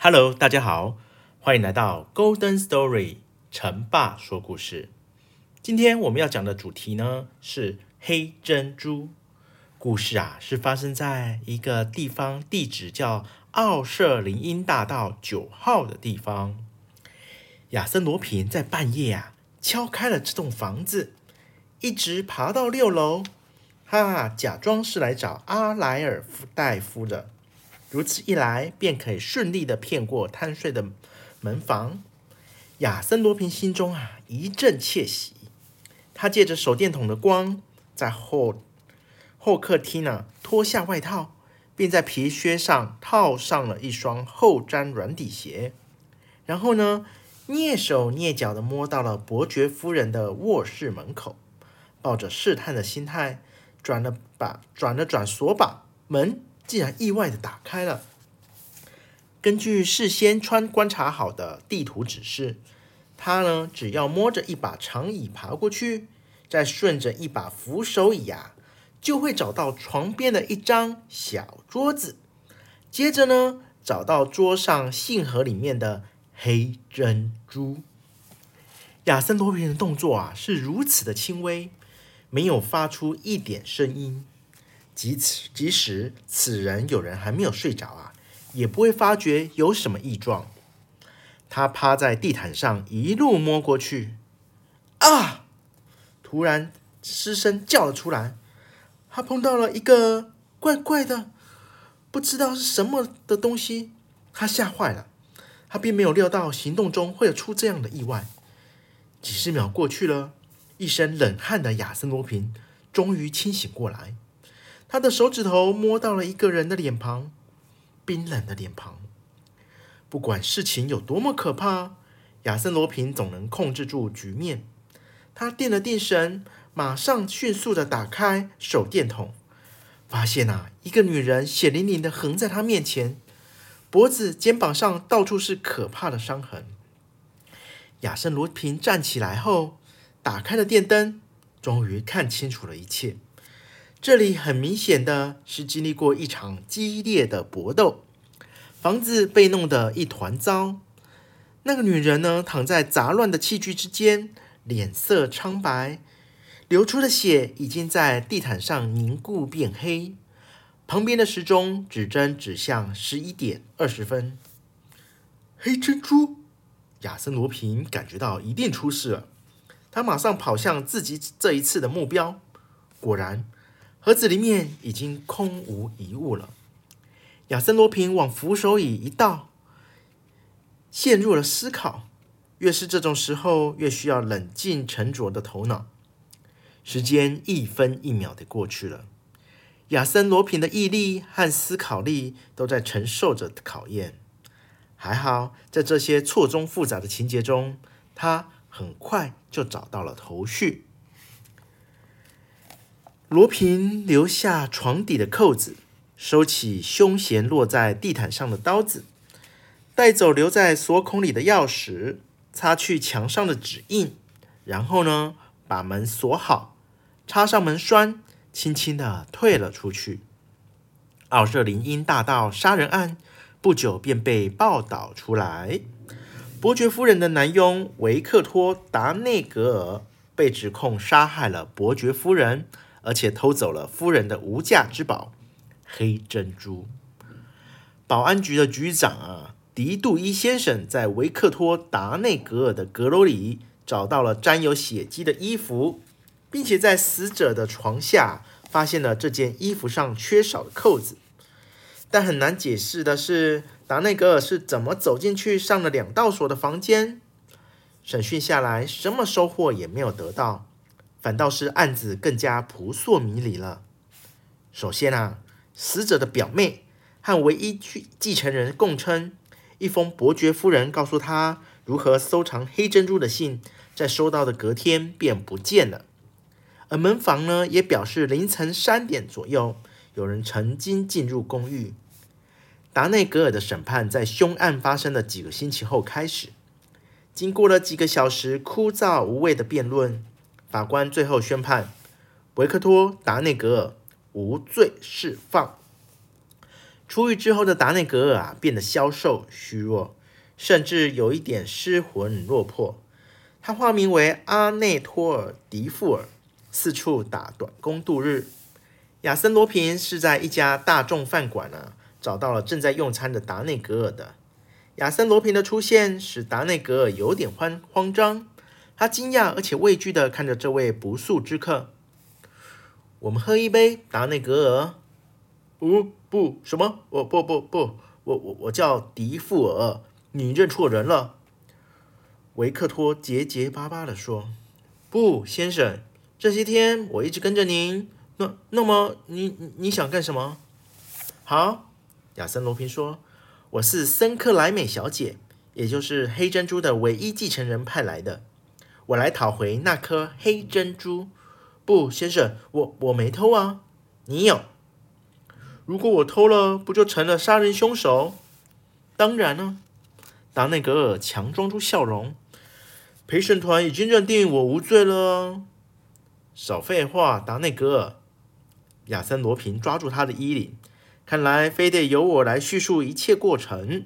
Hello，大家好，歡迎來到《Golden Story》陳爸說故事。今天我們要講的主題呢是《黑珍珠》。故事啊是發生在一個地方，地址叫奧瑟林蔭大道九號的地方。亞森羅蘋在半夜啊敲開了這棟房子，一直爬到六樓。哈，他假裝是來找阿萊爾夫大夫的，如此一來便可以順利的騙過貪睡的門房。亞森羅蘋心中啊一陣竊喜，他借着手電筒的光，在後後客廳呢脫下外套，並在皮靴上套上了一雙厚氈軟底鞋，然後呢躡手躡腳的摸到了伯爵夫人的臥室門口，抱着試探的心態，轉了把，轉了轉鎖把，門竟然意外的打開了。根據事先穿觀察好的地圖指示，他呢只要摸着，一把長椅爬過去，再順着一把扶手椅啊，就會找到床邊的一張小桌子。接着呢，找到桌上信盒裡面的黑珍珠。亞森羅蘋的動作啊，是如此的輕微。沒有發出一點聲音，即此即使此人有人還沒有睡着啊，也不會發覺有什麼異狀。他趴在地毯上一路摸過去，啊！突然失聲叫了出來。他碰到了一個怪怪的，不知道是什麼的東西，他嚇壞了。他並沒有料到行動中會出這樣的意外。幾十秒過去了。一身冷汗的亞森羅蘋終於清醒過來，他的手指頭摸到了一個人的臉龐，冰冷的臉龐。不管事情有多麼可怕，亞森羅蘋總能控制住局面。他定了定神，馬上迅速地打開手電筒，發現啊，一個女人血淋淋地橫在他面前，脖子、肩膀上到處是可怕的傷痕。亞森羅蘋站起來後。打開了電燈，終於看清楚了一切。這裡很明顯的是經歷過一場激烈的搏鬥，房子被弄得一團糟。那個女人呢，躺在雜亂的器具之間，臉色蒼白，流出的血已經在地毯上凝固變黑。旁邊的時鐘指針指向十一點二十分。黑珍珠，亞森·羅蘋感覺到一定出事了。他馬上跑向自己這一次的目標，果然，盒子裡面已經空無一物了。亞森羅蘋往扶手椅一倒，陷入了思考。越是這種時候，越需要冷靜沉着的頭腦。時間一分一秒的過去了，亞森羅蘋的毅力和思考力都在承受着考驗。還好，在這些錯綜複雜的情節中，他很快就找到了頭緒。羅平留下床底的釦子，收起胸前落在地毯上的刀子，帶走留在鎖孔裡的鑰匙，擦去牆上的指印，然後呢，把門鎖好，插上門栓，輕輕的退了出去。奧瑟林因大道殺人案不久便被報道出來。伯爵夫人的男傭維克托·達內格爾被指控殺害了伯爵夫人，而且偷走了夫人的無價之寶——黑珍珠。保安局的局長啊，迪杜伊先生在維克托·達內格爾的閣樓裡找到了沾有血跡的衣服，並且在死者的床下發現了這件衣服上缺少的扣子。但很難解釋的是，達內格爾是怎麼走進去上了兩道鎖的房間？審訊下來，什麼收穫也沒有得到，反倒是案子更加撲朔迷離了。首先啊，死者的表妹和唯一繼繼承人供稱，一封伯爵夫人告訴他如何收藏黑珍珠的信，在收到的隔天便不見了。而門房呢，也表示，凌晨三點左右，有人曾經進入公寓。達內格爾的審判在兇案發生的幾個星期後開始。經過了幾個小時枯燥無味的辯論，法官最後宣判維克托·達內格爾無罪釋放。出獄之後的達內格爾啊，變得消瘦、虛弱，甚至有一點失魂落魄。他化名為阿內托爾·迪富爾，四處打短工度日。亞森·羅蘋是在一家大眾飯館呢、啊。找到了正在用餐的達內格爾的亞森·羅平的出現，使達內格爾有點慌慌張，他驚訝而且畏懼地看着這位不速之客。我們喝一杯，達內格爾。哦，不，什麼？我不不不，我我我叫迪富爾，你認錯人了。維克托結結巴巴地說：“不，先生，這些天我一直跟着您。那那麼你你想幹什麼？好。”亞森·羅蘋說：“我是森克萊美小姐，也就是黑珍珠的唯一繼承人派來的。我來討回那顆黑珍珠。不，先生，我我沒偷啊。你有？如果我偷了，不就成了殺人兇手？當然了、啊。”達內格爾強裝出笑容。陪審團已經認定我無罪了。少廢話，達內格爾！亞森·羅蘋抓住他的衣領。看來非得由我來敘述一切過程。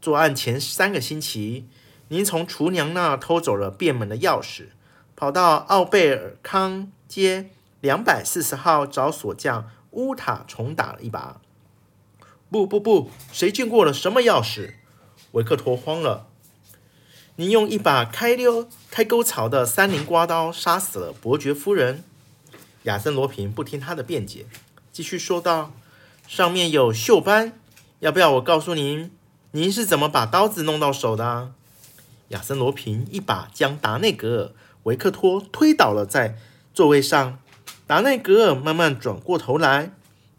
作案前三個星期，您從廚娘那兒偷走了便門的鑰匙，跑到奧貝爾康街兩百四十號找鎖匠烏塔重打了一把。不不不，誰見過了什麼鑰匙？維克托慌了。您用一把開溜開溝槽的三菱刮刀殺死了伯爵夫人。亞森羅蘋不聽他的辯解，繼續說道。上面有鏽斑，要不要我告訴您，您是怎麼把刀子弄到手的？亞森羅蘋一把將達內格爾維克托推倒了在座位上。達內格爾慢慢轉過頭來，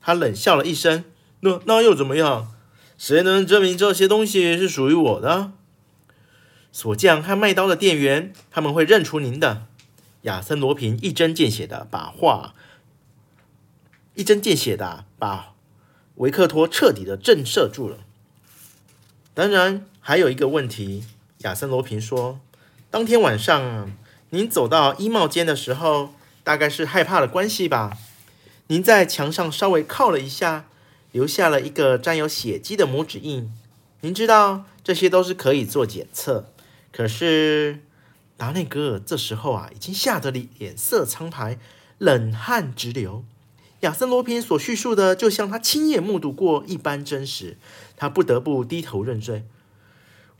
他冷笑了一聲：“那那又怎麼樣？誰能證明這些東西是屬於我的？鎖匠和賣刀的店員，他們會認出您的。”亞森羅蘋一針見血的把話。一針見血的把。維克托徹底的震懾住了。當然，還有一個問題，亞森羅蘋說：“當天晚上，您走到衣帽間的時候，大概是害怕的關係吧？您在牆上稍微靠了一下，留下了一個沾有血跡的拇指印。您知道，這些都是可以做檢測。可是，達內格爾這時候啊，已經嚇得臉色蒼白，冷汗直流。”亞森羅蘋所敘述的，就像他親眼目睹過一般真實，他不得不低頭認罪。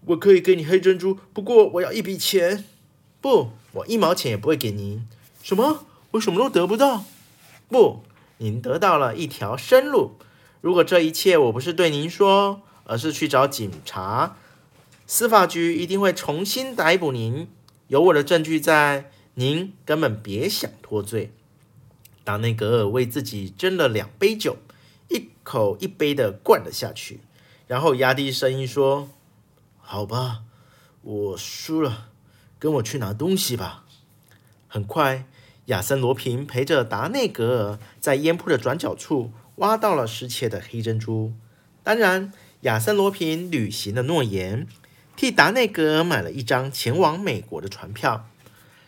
我可以給你黑珍珠，不過我要一筆錢。不，我一毛錢也不會給您。什麼？我什麼都得不到？不，您得到了一條生路。如果這一切我不是對您說，而是去找警察，司法局一定會重新逮捕您。有我的證據在，您根本別想脫罪。達內格爾為自己斟了兩杯酒，一口一杯的灌了下去，然後壓低聲音說：“好吧，我輸了，跟我去拿東西吧。”很快，亞森羅蘋陪着達內格爾在煙鋪的轉角處挖到了失竊的黑珍珠。當然，亞森羅蘋履行了諾言，替達內格爾買了一張前往美國的船票。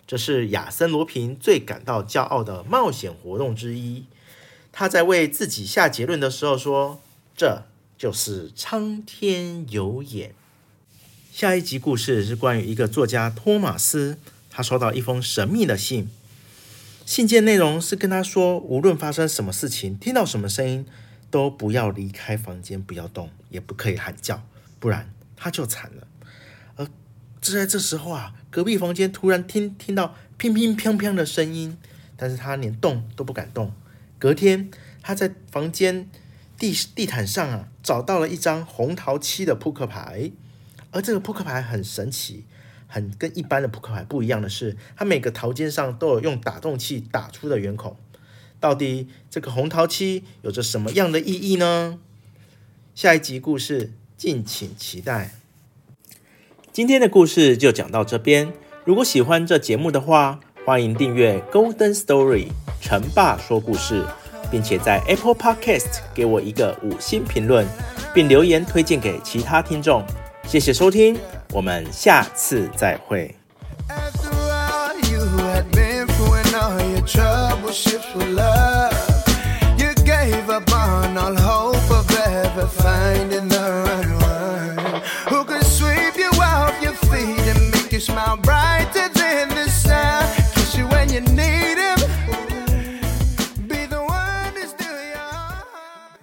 這是亞森·羅平最感到驕傲的冒險活動之一。他在為自己下結論的時候說：“這就是蒼天有眼。”下一集故事是關於一個作家托馬斯，他收到一封神秘的信。信件內容是跟他說，無論發生什麼事情，聽到什麼聲音，都不要離開房間，不要動，也不可以喊叫，不然他就慘了。就在這時候啊，隔壁房間突然聽聽到乒乒乓乓的聲音，但是他連動都不敢動。隔天，他在房間地地毯上啊，找到了一張紅桃七的撲克牌。而這個撲克牌很神奇，很跟一般的撲克牌不一樣的是，它每個桃尖上都有用打洞器打出的圓孔。到底這個紅桃七有着什麼樣的意義呢？下一集故事敬請期待。今天的故事就講到這邊。如果喜歡這節目的話，歡迎訂閱《Golden Story》城霸說故事，並且在 Apple Podcast 給我一個五星評論，並留言推薦給其他聽眾。謝謝收聽，我們下次再會。